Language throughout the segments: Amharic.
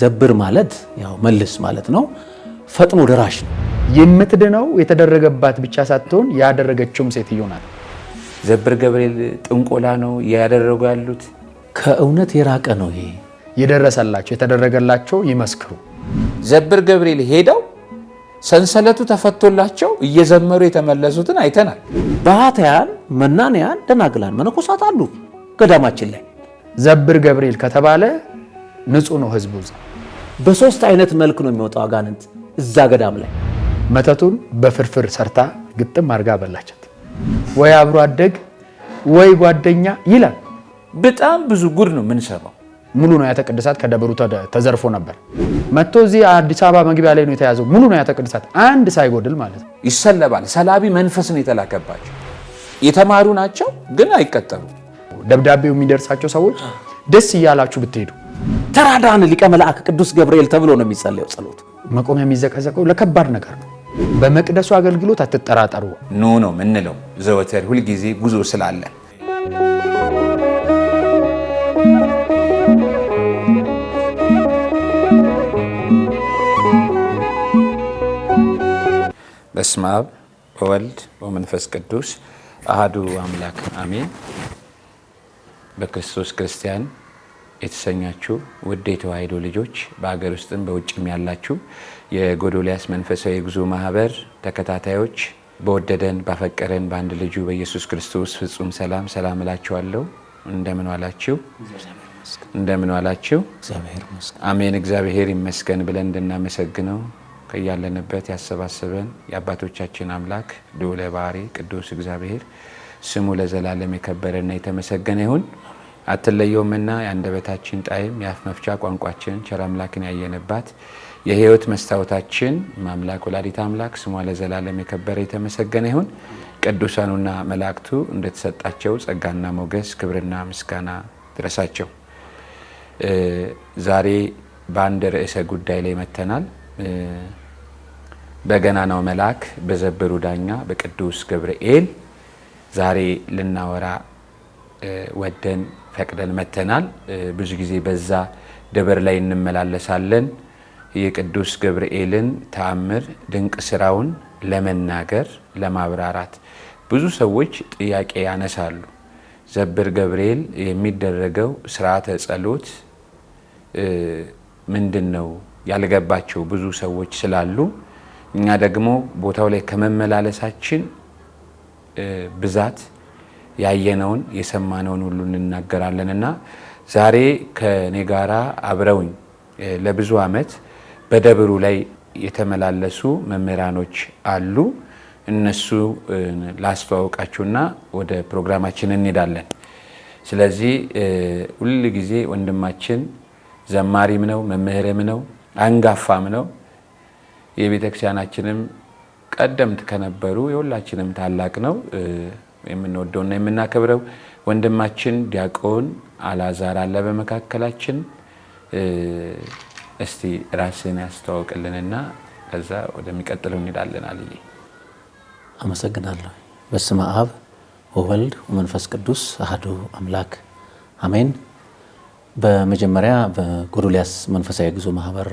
ዘብር ማለት ያው መልስ ማለት ነው። ፈጥኖ ደራሽ ነው። የምትድነው የተደረገባት ብቻ ሳትሆን ያደረገችውም ሴትዮ ናት። ዘብር ገብርኤል ጥንቆላ ነው ያደረጉ ያሉት። ከእውነት የራቀ ነው ይሄ። የደረሰላቸው የተደረገላቸው ይመስክሩ። ዘብር ገብርኤል ሄደው ሰንሰለቱ ተፈቶላቸው እየዘመሩ የተመለሱትን አይተናል። ባህታያን፣ መናንያን፣ ደናግላን፣ መነኮሳት አሉ ገዳማችን ላይ። ዘብር ገብርኤል ከተባለ ንጹህ ነው ህዝቡ። በሶስት አይነት መልክ ነው የሚወጣው አጋንንት እዛ ገዳም ላይ። መተቱን በፍርፍር ሰርታ ግጥም አድርጋ በላቸት። ወይ አብሮ አደግ ወይ ጓደኛ ይላል። በጣም ብዙ ጉድ ነው የምንሰማው። ሙሉ ነው ያተቅድሳት ከደብሩ ተዘርፎ ነበር። መጥቶ እዚህ አዲስ አበባ መግቢያ ላይ ነው የተያዘው። ሙሉ ነው ያተቅድሳት አንድ ሳይጎድል ማለት ነው። ይሰለባል። ሰላቢ መንፈስ ነው የተላከባቸው። የተማሩ ናቸው ግን አይቀጠሉ። ደብዳቤው የሚደርሳቸው ሰዎች ደስ እያላችሁ ብትሄዱ ተራዳን ሊቀ መልአክ ቅዱስ ገብርኤል ተብሎ ነው የሚጸለየው ጸሎት። መቆሚያ የሚዘቀዘቀው ለከባድ ነገር ነው። በመቅደሱ አገልግሎት አትጠራጠሩ። ኑ ነው ምንለው ዘወትር ሁልጊዜ ጉዞ ስላለ በስመ አብ ወወልድ ወመንፈስ ቅዱስ አሃዱ አምላክ አሜን። በክርስቶስ ክርስቲያን የተሰኛችሁ ውድ የተዋሕዶ ልጆች በሀገር ውስጥም በውጭም ያላችሁ የጎዶልያስ መንፈሳዊ የጉዞ ማህበር ተከታታዮች በወደደን ባፈቀረን በአንድ ልጁ በኢየሱስ ክርስቶስ ፍጹም ሰላም ሰላም እላችኋለሁ። እንደምን ዋላችሁ? እንደምን ዋላችሁ? አሜን። እግዚአብሔር ይመስገን ብለን እንድናመሰግነው ከያለንበት ያሰባሰበን የአባቶቻችን አምላክ ልዑለ ባሕርይ ቅዱስ እግዚአብሔር ስሙ ለዘላለም የከበረና የተመሰገነ ይሁን። አትለየውምና የአንደበታችን ጣዕም የአፍ መፍቻ ቋንቋችን ቸር አምላክን ያየንባት የህይወት መስታወታችን ማምላክ ወላዲት አምላክ ስሟ ለዘላለም የከበረ የተመሰገነ ይሁን። ቅዱሳኑና መላእክቱ እንደተሰጣቸው ጸጋና ሞገስ ክብርና ምስጋና ድረሳቸው። ዛሬ በአንድ ርዕሰ ጉዳይ ላይ መተናል። በገናናው መልአክ በዘብሩ ዳኛ በቅዱስ ገብርኤል ዛሬ ልናወራ ወደን ፈቅደን መተናል። ብዙ ጊዜ በዛ ደብር ላይ እንመላለሳለን። የቅዱስ ገብርኤልን ተአምር ድንቅ ስራውን ለመናገር ለማብራራት ብዙ ሰዎች ጥያቄ ያነሳሉ። ዘብር ገብርኤል የሚደረገው ስርዓተ ጸሎት ምንድን ነው ያልገባቸው ብዙ ሰዎች ስላሉ እኛ ደግሞ ቦታው ላይ ከመመላለሳችን ብዛት ያየነውን የሰማነውን ሁሉ እንናገራለን እና ዛሬ ከእኔ ጋራ አብረውኝ ለብዙ ዓመት በደብሩ ላይ የተመላለሱ መምህራኖች አሉ። እነሱ ላስተዋውቃችሁና ወደ ፕሮግራማችን እንሄዳለን። ስለዚህ ሁል ጊዜ ወንድማችን ዘማሪም ነው፣ መምህርም ነው፣ አንጋፋም ነው። የቤተክርስቲያናችንም ቀደምት ከነበሩ የሁላችንም ታላቅ ነው። የምንወደውና የምናከብረው ወንድማችን ዲያቆን አላዛር አለ በመካከላችን። እስቲ ራስን ያስተዋውቅልንና ከዛ ወደሚቀጥለው እንሄዳለን። አልዬ አመሰግናለሁ። በስመ አብ ወወልድ ወመንፈስ ቅዱስ አህዱ አምላክ አሜን። በመጀመሪያ በጎዶልያስ መንፈሳዊ ጉዞ ማህበር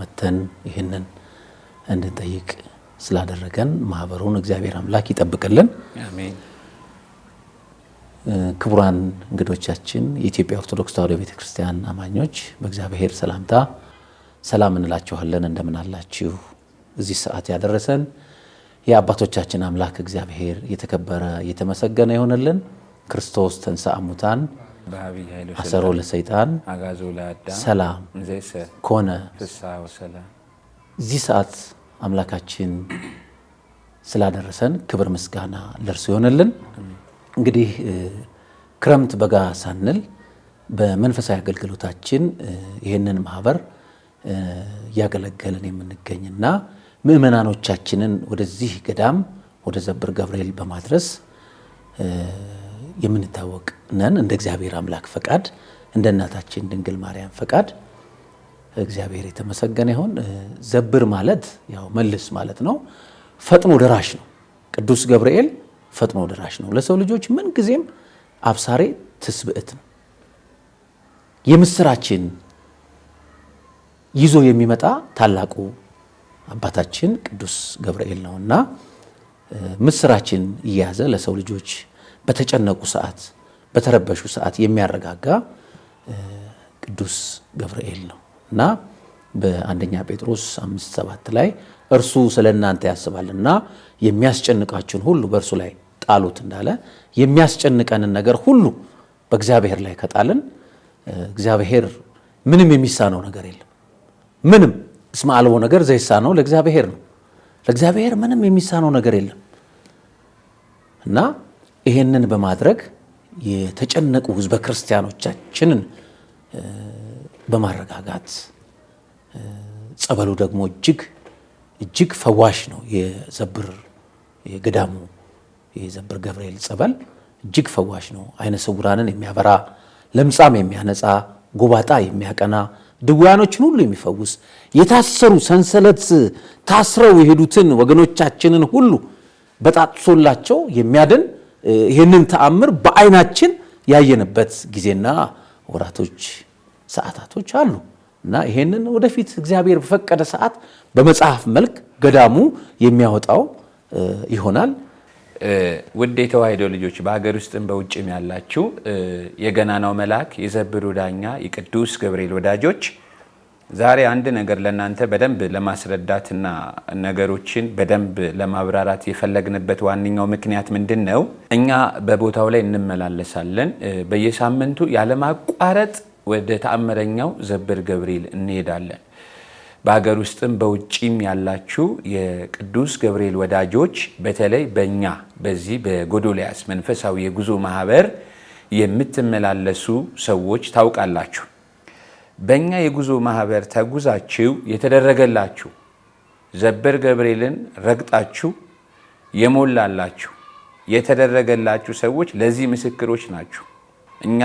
መተን ይህንን እንድንጠይቅ ስላደረገን ማህበሩን እግዚአብሔር አምላክ ይጠብቅልን። ክቡራን እንግዶቻችን የኢትዮጵያ ኦርቶዶክስ ተዋሕዶ ቤተክርስቲያን አማኞች በእግዚአብሔር ሰላምታ ሰላም እንላችኋለን። እንደምን አላችሁ? እዚህ ሰዓት ያደረሰን የአባቶቻችን አምላክ እግዚአብሔር የተከበረ የተመሰገነ ይሆንልን። ክርስቶስ ተንሥአ እሙታን አሰሮ ለሰይጣን ሰላም ኮነ። እዚህ ሰዓት አምላካችን ስላደረሰን ክብር ምስጋና ለእርሱ ይሆነልን። እንግዲህ ክረምት በጋ ሳንል በመንፈሳዊ አገልግሎታችን ይህንን ማህበር እያገለገልን የምንገኝና ምእመናኖቻችንን ወደዚህ ገዳም ወደ ዘብር ገብርኤል በማድረስ የምንታወቅ ነን። እንደ እግዚአብሔር አምላክ ፈቃድ፣ እንደ እናታችን ድንግል ማርያም ፈቃድ እግዚአብሔር የተመሰገነ ይሁን። ዘብር ማለት ያው መልስ ማለት ነው። ፈጥኖ ደራሽ ነው። ቅዱስ ገብርኤል ፈጥኖ ደራሽ ነው። ለሰው ልጆች ምን ጊዜም አብሳሬ ትስብእት ነው። የምስራችን ይዞ የሚመጣ ታላቁ አባታችን ቅዱስ ገብርኤል ነው እና ምስራችን እየያዘ ለሰው ልጆች በተጨነቁ ሰዓት፣ በተረበሹ ሰዓት የሚያረጋጋ ቅዱስ ገብርኤል ነው። እና በአንደኛ ጴጥሮስ አምስት ሰባት ላይ እርሱ ስለ እናንተ ያስባልና የሚያስጨንቃችሁን ሁሉ በእርሱ ላይ ጣሉት እንዳለ የሚያስጨንቀንን ነገር ሁሉ በእግዚአብሔር ላይ ከጣልን እግዚአብሔር ምንም የሚሳነው ነገር የለም። ምንም እስመ አልቦ ነገር ዘይሳነው ለእግዚአብሔር ነው። ለእግዚአብሔር ምንም የሚሳነው ነገር የለም እና ይሄንን በማድረግ የተጨነቁ ህዝበ ክርስቲያኖቻችንን በማረጋጋት ጸበሉ ደግሞ እጅግ እጅግ ፈዋሽ ነው። የዘብር የገዳሙ የዘብር ገብርኤል ጸበል እጅግ ፈዋሽ ነው። አይነ ስውራንን የሚያበራ ለምጻም የሚያነጻ ጎባጣ የሚያቀና ድውያኖችን ሁሉ የሚፈውስ የታሰሩ ሰንሰለት ታስረው የሄዱትን ወገኖቻችንን ሁሉ በጣጥሶላቸው የሚያድን ይህንን ተአምር በአይናችን ያየንበት ጊዜና ወራቶች ሰዓታቶች አሉ እና ይሄንን ወደፊት እግዚአብሔር በፈቀደ ሰዓት በመጽሐፍ መልክ ገዳሙ የሚያወጣው ይሆናል። ውድ የተዋሕዶ ልጆች በሀገር ውስጥም በውጭም ያላችሁ የገናናው መልአክ የዘብሩ ዳኛ የቅዱስ ገብርኤል ወዳጆች ዛሬ አንድ ነገር ለእናንተ በደንብ ለማስረዳትና ነገሮችን በደንብ ለማብራራት የፈለግንበት ዋነኛው ምክንያት ምንድን ነው? እኛ በቦታው ላይ እንመላለሳለን። በየሳምንቱ ያለማቋረጥ ወደ ተአምረኛው ዘብር ገብርኤል እንሄዳለን። በሀገር ውስጥም በውጭም ያላችሁ የቅዱስ ገብርኤል ወዳጆች በተለይ በእኛ በዚህ በጎዶልያስ መንፈሳዊ የጉዞ ማህበር የምትመላለሱ ሰዎች ታውቃላችሁ። በእኛ የጉዞ ማህበር ተጉዛችሁ የተደረገላችሁ ዘበር ገብርኤልን ረግጣችሁ የሞላላችሁ የተደረገላችሁ ሰዎች ለዚህ ምስክሮች ናችሁ። እኛ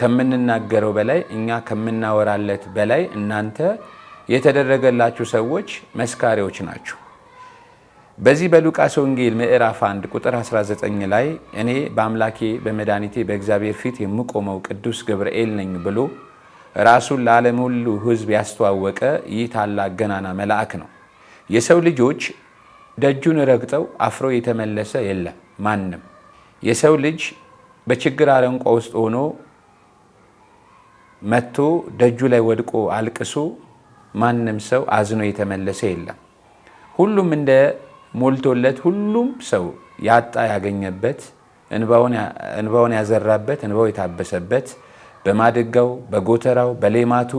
ከምንናገረው በላይ እኛ ከምናወራለት በላይ እናንተ የተደረገላችሁ ሰዎች መስካሪዎች ናችሁ። በዚህ በሉቃስ ወንጌል ምዕራፍ 1 ቁጥር 19 ላይ እኔ በአምላኬ በመድኃኒቴ በእግዚአብሔር ፊት የምቆመው ቅዱስ ገብርኤል ነኝ ብሎ ራሱን ለዓለም ሁሉ ሕዝብ ያስተዋወቀ ይህ ታላቅ ገናና መልአክ ነው። የሰው ልጆች ደጁን ረግጠው አፍሮ የተመለሰ የለም ማንም። የሰው ልጅ በችግር አረንቋ ውስጥ ሆኖ መጥቶ ደጁ ላይ ወድቆ አልቅሶ ማንም ሰው አዝኖ የተመለሰ የለም። ሁሉም እንደ ሞልቶለት ሁሉም ሰው ያጣ ያገኘበት፣ እንባውን ያዘራበት፣ እንባው የታበሰበት፣ በማድጋው፣ በጎተራው፣ በሌማቱ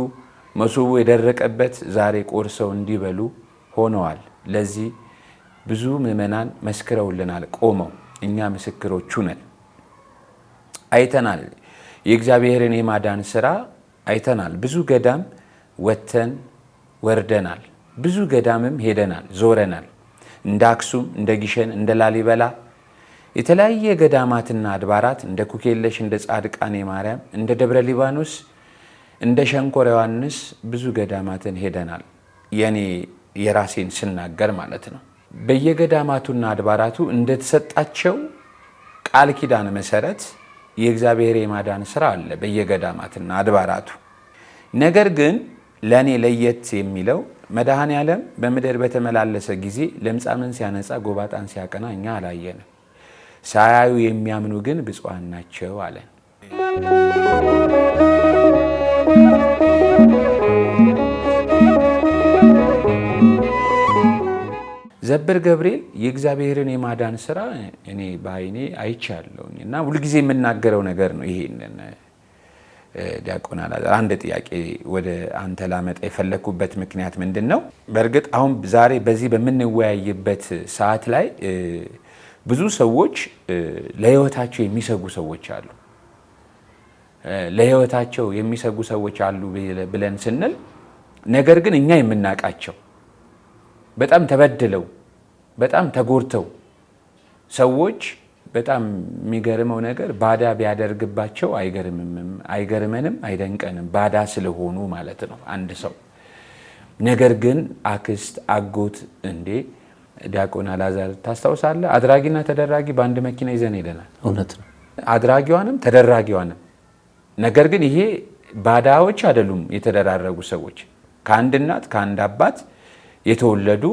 መሶቡ የደረቀበት ዛሬ ቆርሰው እንዲበሉ ሆነዋል። ለዚህ ብዙ ምዕመናን መስክረውልናል ቆመው፣ እኛ ምስክሮቹ ነን። አይተናል የእግዚአብሔርን የማዳን ስራ አይተናል። ብዙ ገዳም ወጥተን ወርደናል። ብዙ ገዳምም ሄደናል፣ ዞረናል። እንደ አክሱም፣ እንደ ጊሸን፣ እንደ ላሊበላ የተለያየ ገዳማትና አድባራት እንደ ኩኬለሽ፣ እንደ ጻድቃኔ ማርያም፣ እንደ ደብረ ሊባኖስ፣ እንደ ሸንኮረ ዮሐንስ ብዙ ገዳማትን ሄደናል። የኔ የራሴን ስናገር ማለት ነው። በየገዳማቱና አድባራቱ እንደተሰጣቸው ቃል ኪዳን መሰረት የእግዚአብሔር የማዳን ስራ አለ በየገዳማትና አድባራቱ። ነገር ግን ለእኔ ለየት የሚለው መድኃኔ ዓለም በምድር በተመላለሰ ጊዜ ለምጻምን ሲያነጻ፣ ጎባጣን ሲያቀና እኛ አላየንም። ሳያዩ የሚያምኑ ግን ብፁዓን ናቸው አለን። ዘበር ገብርኤል የእግዚአብሔርን የማዳን ስራ እኔ በአይኔ አይቻለሁኝ እና ሁልጊዜ የምናገረው ነገር ነው። ይሄንን ዲያቆን አላዛር አንድ ጥያቄ ወደ አንተ ላመጣ የፈለግኩበት ምክንያት ምንድን ነው? በእርግጥ አሁን ዛሬ በዚህ በምንወያይበት ሰዓት ላይ ብዙ ሰዎች ለህይወታቸው የሚሰጉ ሰዎች አሉ። ለህይወታቸው የሚሰጉ ሰዎች አሉ ብለን ስንል ነገር ግን እኛ የምናውቃቸው በጣም ተበድለው በጣም ተጎድተው ሰዎች በጣም የሚገርመው ነገር ባዳ ቢያደርግባቸው አይገርመንም፣ አይደንቀንም። ባዳ ስለሆኑ ማለት ነው አንድ ሰው። ነገር ግን አክስት፣ አጎት እንዴ ዲያቆን አላዛር ታስታውሳለህ? አድራጊና ተደራጊ በአንድ መኪና ይዘን ሄደናል። እውነት ነው። አድራጊዋንም ተደራጊዋንም። ነገር ግን ይሄ ባዳዎች አይደሉም። የተደራረጉ ሰዎች ከአንድ እናት ከአንድ አባት የተወለዱ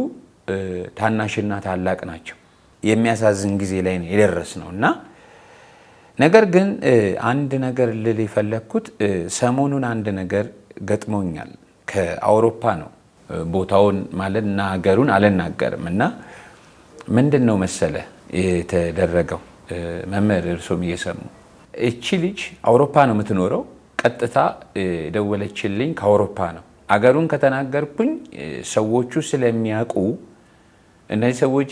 ታናሽና ታላቅ ናቸው። የሚያሳዝን ጊዜ ላይ የደረስ ነው እና ነገር ግን አንድ ነገር ልል የፈለግኩት ሰሞኑን አንድ ነገር ገጥሞኛል። ከአውሮፓ ነው ቦታውን ማለት እና ሀገሩን አልናገርም እና ምንድን ነው መሰለ የተደረገው መምህር እርሶም እየሰሙ እቺ ልጅ አውሮፓ ነው የምትኖረው። ቀጥታ ደወለችልኝ ከአውሮፓ ነው አገሩን ከተናገርኩኝ ሰዎቹ ስለሚያውቁ እነዚህ ሰዎች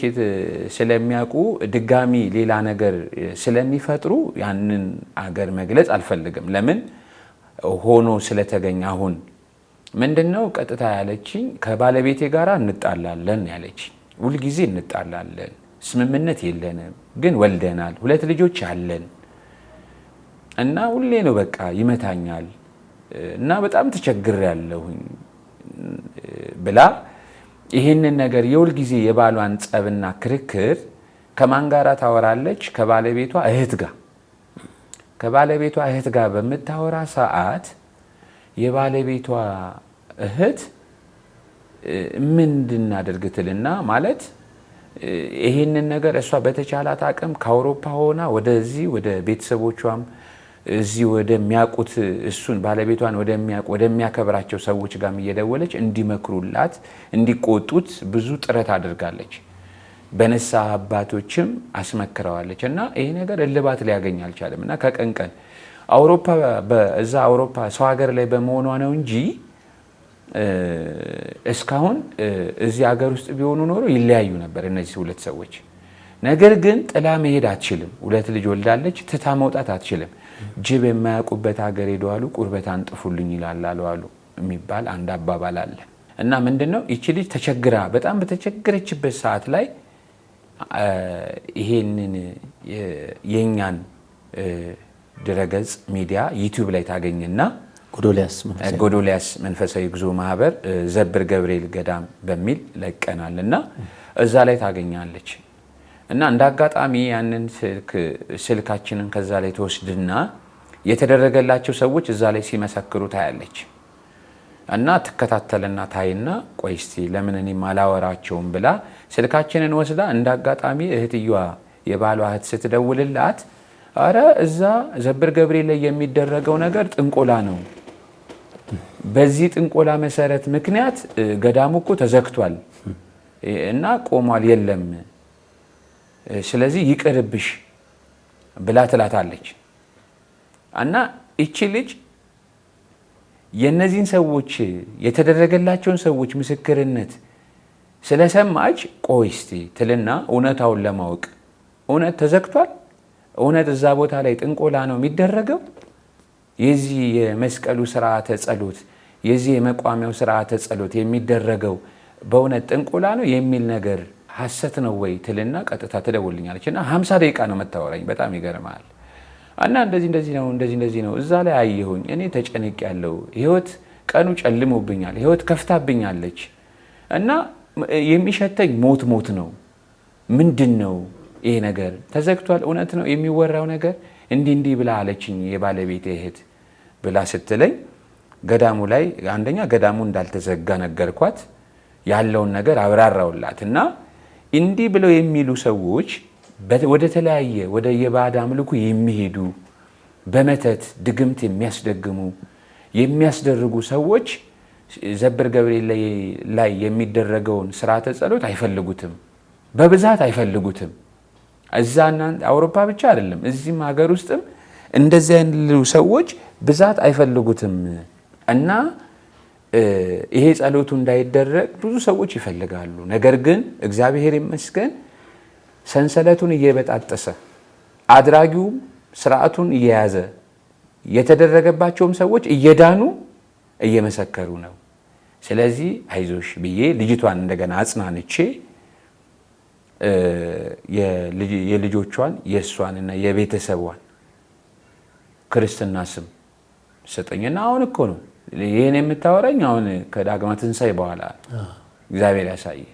ስለሚያውቁ ድጋሚ ሌላ ነገር ስለሚፈጥሩ ያንን አገር መግለጽ አልፈልግም። ለምን ሆኖ ስለተገኘ። አሁን ምንድን ነው ቀጥታ ያለችኝ ከባለቤቴ ጋር እንጣላለን ያለችኝ። ሁልጊዜ እንጣላለን፣ ስምምነት የለንም፣ ግን ወልደናል፣ ሁለት ልጆች አለን እና ሁሌ ነው በቃ ይመታኛል እና በጣም ተቸግር ያለሁኝ ብላ ይህንን ነገር የሁል ጊዜ የባሏን ጸብና ክርክር ከማን ጋራ ታወራለች? ከባለቤቷ እህት ጋር። ከባለቤቷ እህት ጋር በምታወራ ሰዓት የባለቤቷ እህት ምን እንድናደርግ ትልና ማለት ይህንን ነገር እሷ በተቻላት አቅም ከአውሮፓ ሆና ወደዚህ ወደ ቤተሰቦቿም እዚህ ወደሚያውቁት እሱን ባለቤቷን ወደሚያከብራቸው ሰዎች ጋር እየደወለች እንዲመክሩላት እንዲቆጡት ብዙ ጥረት አድርጋለች። በነሳ አባቶችም አስመክረዋለች እና ይሄ ነገር እልባት ሊያገኝ አልቻለም እና ከቀን ቀን አውሮፓ እዛ አውሮፓ ሰው ሀገር ላይ በመሆኗ ነው እንጂ እስካሁን እዚህ ሀገር ውስጥ ቢሆኑ ኖሮ ይለያዩ ነበር እነዚህ ሁለት ሰዎች። ነገር ግን ጥላ መሄድ አትችልም። ሁለት ልጅ ወልዳለች፣ ትታ መውጣት አትችልም። ጅብ የማያውቁበት ሀገር ሄደዋሉ፣ ቁርበት አንጥፉልኝ ይላል አለዋሉ የሚባል አንድ አባባል አለ እና ምንድን ነው ይቺ ልጅ ተቸግራ በጣም በተቸገረችበት ሰዓት ላይ ይሄንን የእኛን ድረገጽ ሚዲያ ዩቲዩብ ላይ ታገኝና ጎዶልያስ መንፈሳዊ ጉዞ ማህበር ዘብር ገብርኤል ገዳም በሚል ለቀናል እና እዛ ላይ ታገኛለች። እና እንደ አጋጣሚ ያንን ስልካችንን ከዛ ላይ ትወስድና የተደረገላቸው ሰዎች እዛ ላይ ሲመሰክሩ ታያለች እና ትከታተልና ታይና ቆይ እስቲ ለምን እኔም አላወራቸውም ብላ ስልካችንን ወስዳ እንደ አጋጣሚ እህትየዋ የባሏ እህት ስትደውልላት አረ እዛ ዘብር ገብሬ ላይ የሚደረገው ነገር ጥንቆላ ነው። በዚህ ጥንቆላ መሰረት ምክንያት ገዳሙ እኮ ተዘግቷል እና ቆሟል የለም ስለዚህ ይቅርብሽ ብላ ትላታለች። እና እቺ ልጅ የእነዚህን ሰዎች የተደረገላቸውን ሰዎች ምስክርነት ስለሰማች ቆይ እስቲ ትልና እውነታውን ለማወቅ እውነት ተዘግቷል፣ እውነት እዛ ቦታ ላይ ጥንቆላ ነው የሚደረገው፣ የዚህ የመስቀሉ ስርዓተ ጸሎት፣ የዚህ የመቋሚያው ስርዓተ ጸሎት የሚደረገው በእውነት ጥንቆላ ነው የሚል ነገር ሀሰት ነው ወይ ትልና ቀጥታ ትደውልኛለች እና ሀምሳ ደቂቃ ነው መታወራኝ። በጣም ይገርማል። እና እንደዚህ እንደዚህ ነው እንደዚህ እንደዚህ ነው እዛ ላይ አየሁኝ። እኔ ተጨንቅ ያለው ህይወት ቀኑ ጨልሞብኛል፣ ህይወት ከፍታብኛለች እና የሚሸተኝ ሞት ሞት ነው። ምንድን ነው ይሄ ነገር ተዘግቷል፣ እውነት ነው የሚወራው ነገር እንዲህ እንዲህ ብላ አለችኝ የባለቤቴ እህት ብላ ስትለኝ ገዳሙ ላይ አንደኛ ገዳሙ እንዳልተዘጋ ነገርኳት፣ ያለውን ነገር አብራራውላት እና እንዲህ ብለው የሚሉ ሰዎች ወደ ተለያየ ወደ የባዕድ አምልኩ የሚሄዱ በመተት ድግምት የሚያስደግሙ የሚያስደርጉ ሰዎች ዘብር ገብርኤል ላይ የሚደረገውን ስርዓተ ጸሎት አይፈልጉትም፣ በብዛት አይፈልጉትም። እዛ አውሮፓ ብቻ አይደለም፣ እዚህም ሀገር ውስጥም እንደዚህ ያሉ ሰዎች ብዛት አይፈልጉትም እና ይሄ ጸሎቱ እንዳይደረግ ብዙ ሰዎች ይፈልጋሉ። ነገር ግን እግዚአብሔር ይመስገን ሰንሰለቱን እየበጣጠሰ አድራጊውም ስርዓቱን እየያዘ የተደረገባቸውም ሰዎች እየዳኑ እየመሰከሩ ነው። ስለዚህ አይዞሽ ብዬ ልጅቷን እንደገና አጽናንቼ የልጆቿን የእሷንና የቤተሰቧን ክርስትና ስም ስጠኝና አሁን እኮ ነው ይህን የምታወራኝ አሁን ከዳግማ ትንሣኤ በኋላ እግዚአብሔር ያሳየ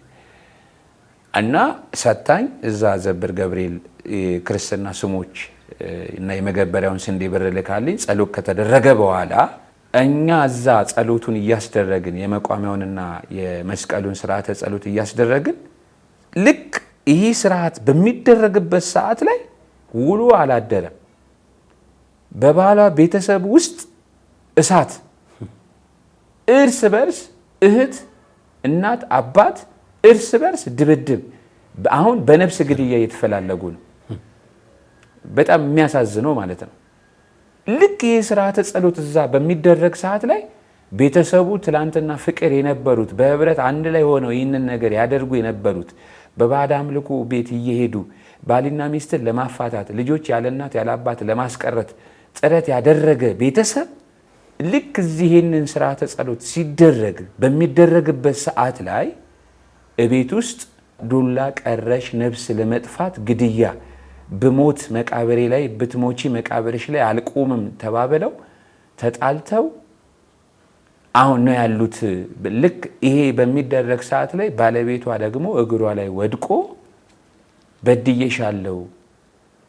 እና ሰታኝ እዛ ዘብር ገብርኤል ክርስትና ስሞች እና የመገበሪያውን ስንዴ ብር ልካልኝ ጸሎት ከተደረገ በኋላ እኛ እዛ ጸሎቱን እያስደረግን የመቋሚያውንና የመስቀሉን ስርዓተ ጸሎት እያስደረግን ልክ ይህ ስርዓት በሚደረግበት ሰዓት ላይ ውሎ አላደረም። በባሏ ቤተሰብ ውስጥ እሳት እርስ በርስ እህት፣ እናት፣ አባት እርስ በርስ ድብድብ አሁን በነፍስ ግድያ እየተፈላለጉ ነው። በጣም የሚያሳዝነው ማለት ነው። ልክ ይህ ስርዓተ ጸሎት እዛ በሚደረግ ሰዓት ላይ ቤተሰቡ ትላንትና ፍቅር የነበሩት በህብረት አንድ ላይ ሆነው ይህንን ነገር ያደርጉ የነበሩት በባዕድ አምልኮ ቤት እየሄዱ ባልና ሚስትን ለማፋታት ልጆች ያለ እናት ያለ አባት ለማስቀረት ጥረት ያደረገ ቤተሰብ ልክ እዚህ ይህንን ስርዓተ ጸሎት ሲደረግ በሚደረግበት ሰዓት ላይ እቤት ውስጥ ዱላ ቀረሽ ነፍስ ለመጥፋት ግድያ ብሞት መቃብሬ ላይ ብትሞቺ መቃብርሽ ላይ አልቆምም ተባብለው ተጣልተው አሁን ነው ያሉት። ልክ ይሄ በሚደረግ ሰዓት ላይ ባለቤቷ ደግሞ እግሯ ላይ ወድቆ በድዬሻለሁ፣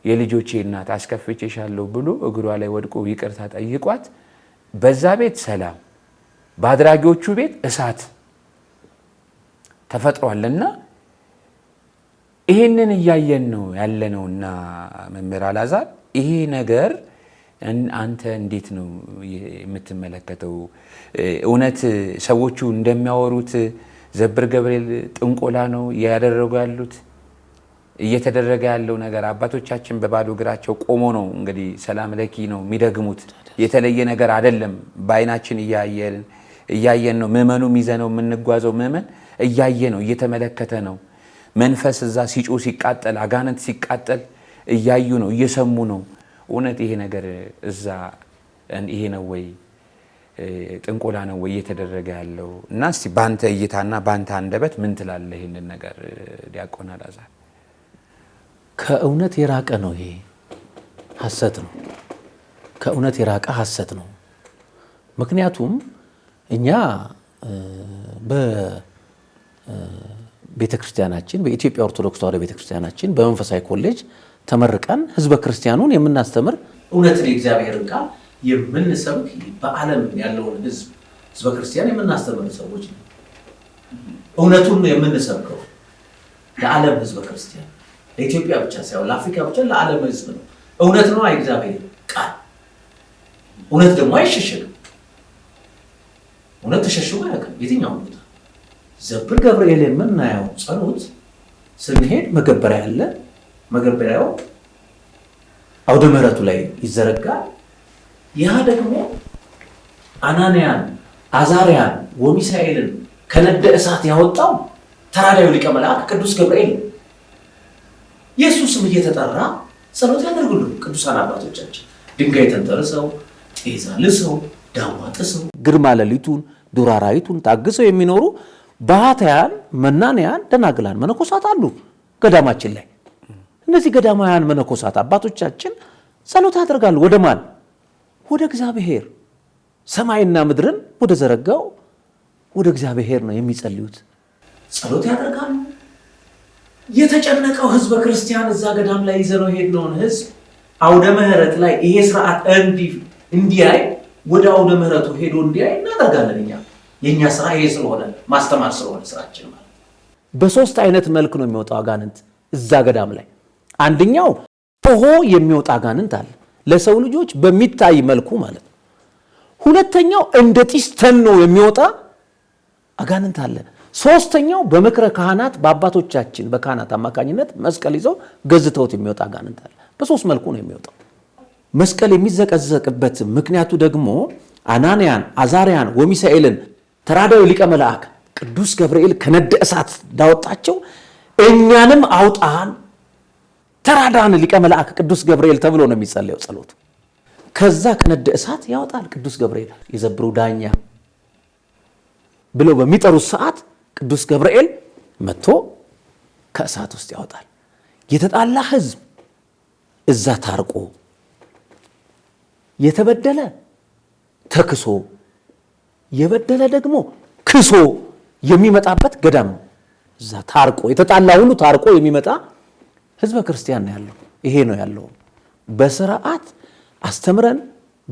የልጆቼ እናት አስከፍቼሻለሁ ብሎ እግሯ ላይ ወድቆ ይቅርታ ጠይቋት በዛ ቤት ሰላም፣ በአድራጊዎቹ ቤት እሳት ተፈጥሯልና ይህንን እያየን ነው ያለነውና መምህር አላዛር ይሄ ነገር አንተ እንዴት ነው የምትመለከተው? እውነት ሰዎቹ እንደሚያወሩት ዘብር ገብርኤል ጥንቆላ ነው እያደረጉ ያሉት? እየተደረገ ያለው ነገር አባቶቻችን በባዶ እግራቸው ቆሞ ነው እንግዲህ ሰላም ለኪ ነው የሚደግሙት። የተለየ ነገር አይደለም። በአይናችን እያየን እያየን ነው ምመኑ ይዘ ነው የምንጓዘው። ምመን እያየ ነው እየተመለከተ ነው። መንፈስ እዛ ሲጮ ሲቃጠል፣ አጋንንት ሲቃጠል እያዩ ነው እየሰሙ ነው። እውነት ይሄ ነገር እዛ ይሄ ነው ወይ ጥንቆላ ነው ወይ እየተደረገ ያለው? እና እስቲ በአንተ እይታና በአንተ አንደበት ምን ትላለህ? ይህንን ነገር ዲያቆን አልዓዛር ከእውነት የራቀ ነው። ይሄ ሀሰት ነው። ከእውነት የራቀ ሐሰት ነው። ምክንያቱም እኛ በቤተ ክርስቲያናችን በኢትዮጵያ ኦርቶዶክስ ተዋሕዶ ቤተ ክርስቲያናችን በመንፈሳዊ ኮሌጅ ተመርቀን ህዝበ ክርስቲያኑን የምናስተምር እውነትን የእግዚአብሔርን ቃል የምንሰብክ በዓለም ያለውን ህዝብ ህዝበ ክርስቲያን የምናስተምር ሰዎች ነው። እውነቱን ነው የምንሰብከው ለዓለም ህዝበ ክርስቲያን ለኢትዮጵያ ብቻ ሳይሆን ለአፍሪካ ብቻ ለዓለም ህዝብ ነው። እውነት ነው የእግዚአብሔር ቃል እውነት ደግሞ አይሸሸግም። እውነት ተሸሽጎ አያውቅም የትኛውም ቦታ። ዘብር ገብርኤል የምናየው ጸሎት ስንሄድ መገበሪያ አለ። መገበሪያው አውደ ምሕረቱ ላይ ይዘረጋል። ያ ደግሞ አናንያን፣ አዛርያን ወሚሳኤልን ከነደ እሳት ያወጣው ተራዳዩ ሊቀ መልአክ ቅዱስ ገብርኤል ነው። የእሱ ስም እየተጠራ ጸሎት ያደርጉልን ቅዱሳን አባቶቻችን ድንጋይ ተንተርሰው ቤዛ ልሰው፣ ዳዋ ጥሰው፣ ግርማ ሌሊቱን፣ ዱር አራዊቱን ታግሰው የሚኖሩ ባህታያን፣ መናንያን፣ ደናግላን መነኮሳት አሉ ገዳማችን ላይ። እነዚህ ገዳማውያን መነኮሳት አባቶቻችን ጸሎት ያደርጋሉ። ወደ ማን? ወደ እግዚአብሔር። ሰማይና ምድርን ወደ ዘረጋው ወደ እግዚአብሔር ነው የሚጸልዩት። ጸሎት ያደርጋሉ። የተጨነቀው ህዝበ ክርስቲያን እዛ ገዳም ላይ ይዘነው የሄድነውን ህዝብ አውደ ምሕረት ላይ ይሄ ስርዓት እንዲህ እንዲያይ ወደ አውደ ምሕረቱ ሄዶ እንዲያይ እናደርጋለን። እኛ የእኛ ስራ ይሄ ስለሆነ ማስተማር ስለሆነ ስራችን ማለት በሶስት አይነት መልክ ነው የሚወጣው አጋንንት እዛ ገዳም ላይ። አንደኛው ፖሆ የሚወጣ አጋንንት አለ፣ ለሰው ልጆች በሚታይ መልኩ ማለት ነው። ሁለተኛው እንደ ጢስ ተኖ የሚወጣ አጋንንት አለ። ሶስተኛው በምክረ ካህናት በአባቶቻችን በካህናት አማካኝነት መስቀል ይዘው ገዝተውት የሚወጣ አጋንንት አለ። በሶስት መልኩ ነው የሚወጣው። መስቀል የሚዘቀዘቅበት ምክንያቱ ደግሞ አናንያን፣ አዛርያን ወሚሳኤልን ተራዳዊ ሊቀ መልአክ ቅዱስ ገብርኤል ከነደ እሳት እንዳወጣቸው እኛንም አውጣን ተራዳን ሊቀ መልአክ ቅዱስ ገብርኤል ተብሎ ነው የሚጸለየው ጸሎቱ። ከዛ ከነደ እሳት ያወጣል ቅዱስ ገብርኤል። የዘብሩ ዳኛ ብለው በሚጠሩት ሰዓት ቅዱስ ገብርኤል መጥቶ ከእሳት ውስጥ ያወጣል። የተጣላ ሕዝብ እዛ ታርቆ የተበደለ ተክሶ የበደለ ደግሞ ክሶ የሚመጣበት ገዳም ነው። እዛ ታርቆ የተጣላ ሁሉ ታርቆ የሚመጣ ህዝበ ክርስቲያን ነው ያለው። ይሄ ነው ያለው። በስርዓት አስተምረን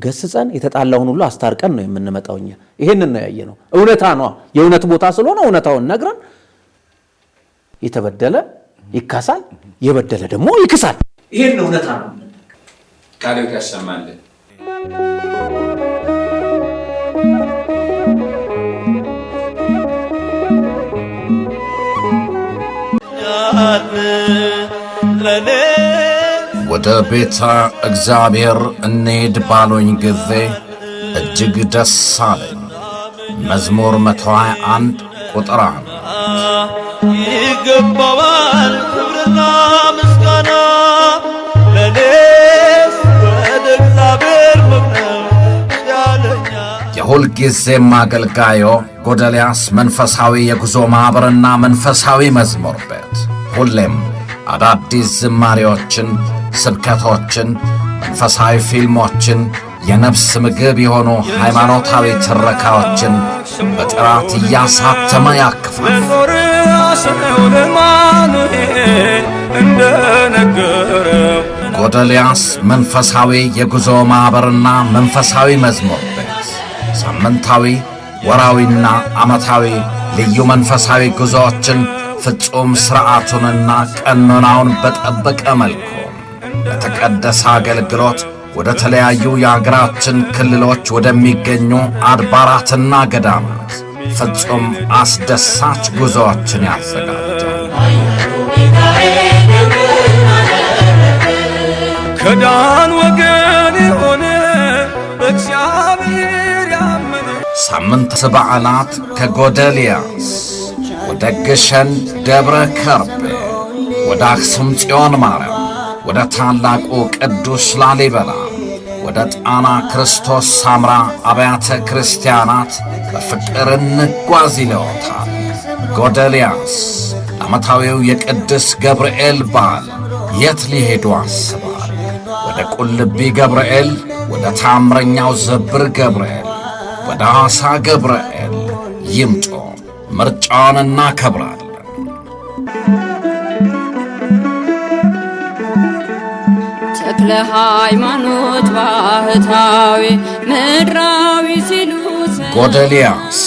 ገስጸን የተጣላውን ሁሉ አስታርቀን ነው የምንመጣው። እኛ ይሄንን ነው ያየ ነው። እውነታ ነ የእውነት ቦታ ስለሆነ እውነታውን ነግረን የተበደለ ይካሳል፣ የበደለ ደግሞ ይክሳል። ይሄን እውነታ ነው። ቃል ያሰማልን። ወደ ቤተ እግዚአብሔር እንሄድ ባሉኝ ጊዜ እጅግ ደስ አለኝ። መዝሙር መቶ ሃያ አንድ ቁጥር ይገባዋል የሁልጊዜም አገልጋዮ ጎደልያስ መንፈሳዊ የጉዞ ማኅበርና መንፈሳዊ መዝሙር ቤት ሁሌም አዳዲስ ዝማሪዎችን፣ ስብከቶችን፣ መንፈሳዊ ፊልሞችን፣ የነፍስ ምግብ የሆኑ ሃይማኖታዊ ትረካዎችን በጥራት እያሳተመ ያክፋል። ጎደልያስ መንፈሳዊ የጉዞ ማኅበርና መንፈሳዊ መዝሙር ሳምንታዊ ወራዊና ዓመታዊ ልዩ መንፈሳዊ ጉዞዎችን ፍጹም ሥርዓቱንና ቀኖናውን በጠበቀ መልኩ በተቀደሰ አገልግሎት ወደ ተለያዩ የአገራችን ክልሎች ወደሚገኙ አድባራትና ገዳማት ፍጹም አስደሳች ጉዞዎችን ያዘጋጃል። ከዳን ወገን የሆነ በእግዚአብሔር ሳምንት በዓላት ከጎደልያስ ወደ ግሸን ደብረ ከርቤ ወደ አክሱም ጽዮን ማርያም ወደ ታላቁ ቅዱስ ላሊበላ ወደ ጣና ክርስቶስ ሳምራ አብያተ ክርስቲያናት በፍቅር እንጓዝ ይለዎታል። ጎደልያስ ዓመታዊው የቅዱስ ገብርኤል በዓል የት ሊሄዱ አስባል? ወደ ቁልቢ ገብርኤል፣ ወደ ታምረኛው ዘብር ገብርኤል በዳሳ ገብርኤል ይምጡ። ምርጫውን እናከብራለን። ተክለ ሃይማኖት ባህታዊ ምድራዊ ሲሉ ጎደልያስ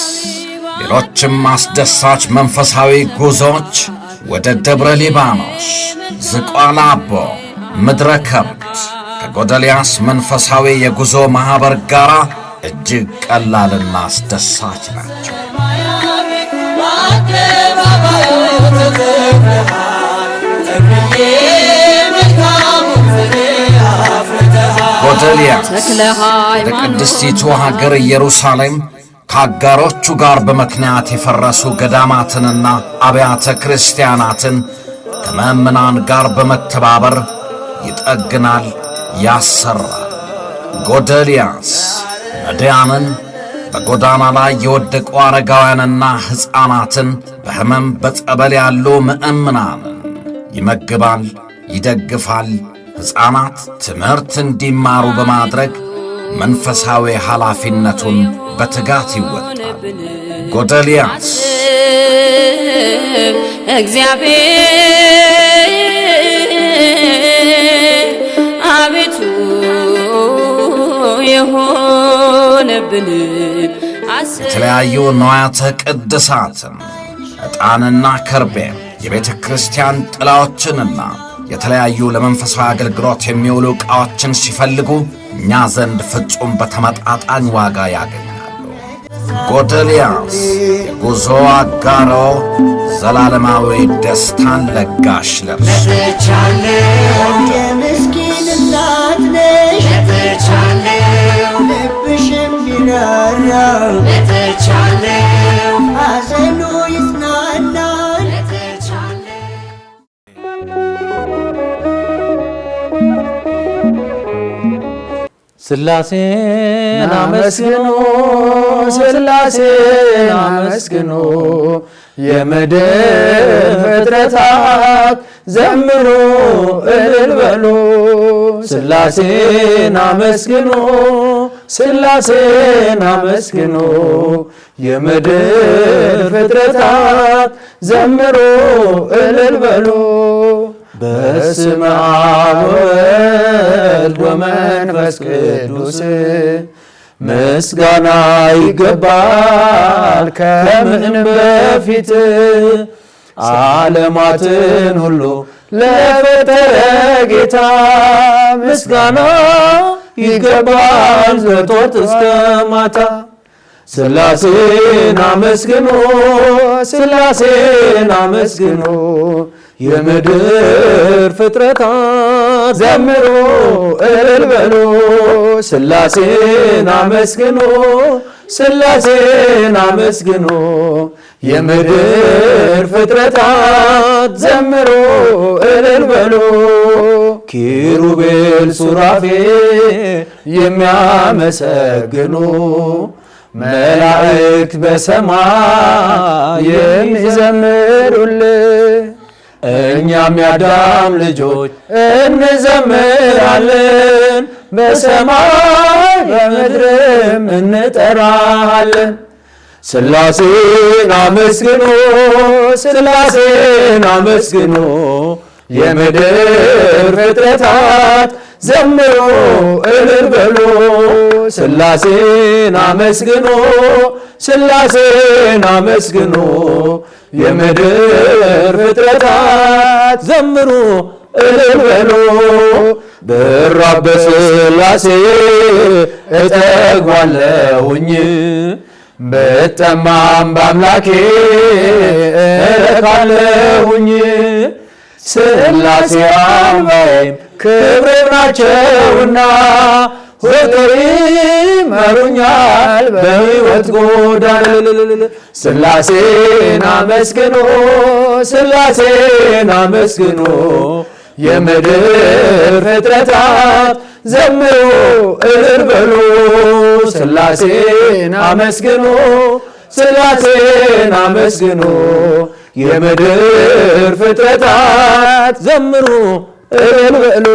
ሌሎችም አስደሳች መንፈሳዊ ጉዞዎች ወደ ደብረ ሊባኖስ፣ ዝቋላ አቦ፣ ምድረ ከብድ ከጎደልያስ መንፈሳዊ የጉዞ ማኅበር ጋር እጅግ ቀላልና አስደሳች ናቸው። ጎቶልያስ ወደ ሀገር ኢየሩሳሌም ከአጋሮቹ ጋር በምክንያት የፈረሱ ገዳማትንና አብያተ ክርስቲያናትን ከምዕመናን ጋር በመተባበር ይጠግናል፣ ያሰራል። ጎደልያስ ነዳያንን በጎዳና ላይ የወደቁ አረጋውያንና ሕፃናትን በሕመም በጸበል ያሉ ምእምናንን ይመግባል፣ ይደግፋል። ሕፃናት ትምህርት እንዲማሩ በማድረግ መንፈሳዊ ኃላፊነቱን በትጋት ይወጣል። ጎደልያስ እግዚአብሔር አቤቱ ይሁን ሆነብን። የተለያዩ ንዋያተ ቅድሳትን ዕጣንና ከርቤ የቤተ ክርስቲያን ጥላዎችንና የተለያዩ ለመንፈሳዊ አገልግሎት የሚውሉ ዕቃዎችን ሲፈልጉ እኛ ዘንድ ፍጹም በተመጣጣኝ ዋጋ ያገኛሉ። ጎደልያስ የጉዞ አጋሮ፣ ዘላለማዊ ደስታን ለጋሽ ለርሱ መጥቻለሁ ሐዘኑ ይጽናናል። ሥላሴን አመስግኑ ሥላሴን አመስግኑ የምድር ፍጥረታት ዘምሩ እልል በሉ አመስግኑ ሥላሴን አመስግኑ የምድር ፍጥረታት ዘምሮ እልል በሉ። በስመ አብ ወወልድ ወመንፈስ ቅዱስ ምስጋና ይገባል ከምን በፊት ዓለማትን ሁሉ ለፈጠረ ጌታ ምስጋና ይገባል ዘቶት እስከ ማታ ስላሴን አመስግኖ ስላሴን አመስግኖ የምድር ፍጥረታት ዘምሮ እልል በሎ ስላሴን አመስግኖ ስላሴን አመስግኖ የምድር ፍጥረታት ዘምሮ እልል ኪሩቤል ሱራፌ የሚያመሰግኑ መላእክት በሰማይ የሚዘምሩል እኛም ያዳም ልጆች እንዘምራለን፣ በሰማይ በምድርም እንጠራሃለን። ስላሴን አመስግኖ ስላሴን አመስግኖ የምድር ፍጥረታት ዘምሮ እልል በሎ ስላሴን አመስግኖ ስላሴን አመስግኖ የምድር ፍጥረታት ዘምሩ እልል በሎ ብራ በሥላሴ እጠግባለሁኝ ብጠማም በአምላኬ እረካለሁኝ ስላሴ አሜን ክብር ናቸውና ሁጥሪ መሩኛል በሕይወት ጎዳና ስላሴን አመስግኖ ስላሴን አመስግኖ የምድር ፍጥረታት ዘምሮ እልል በሉ ስላሴን አመስግኖ ስላሴን አመስግኖ የምድር ፍጥረታት ዘምሩ እልል በሉ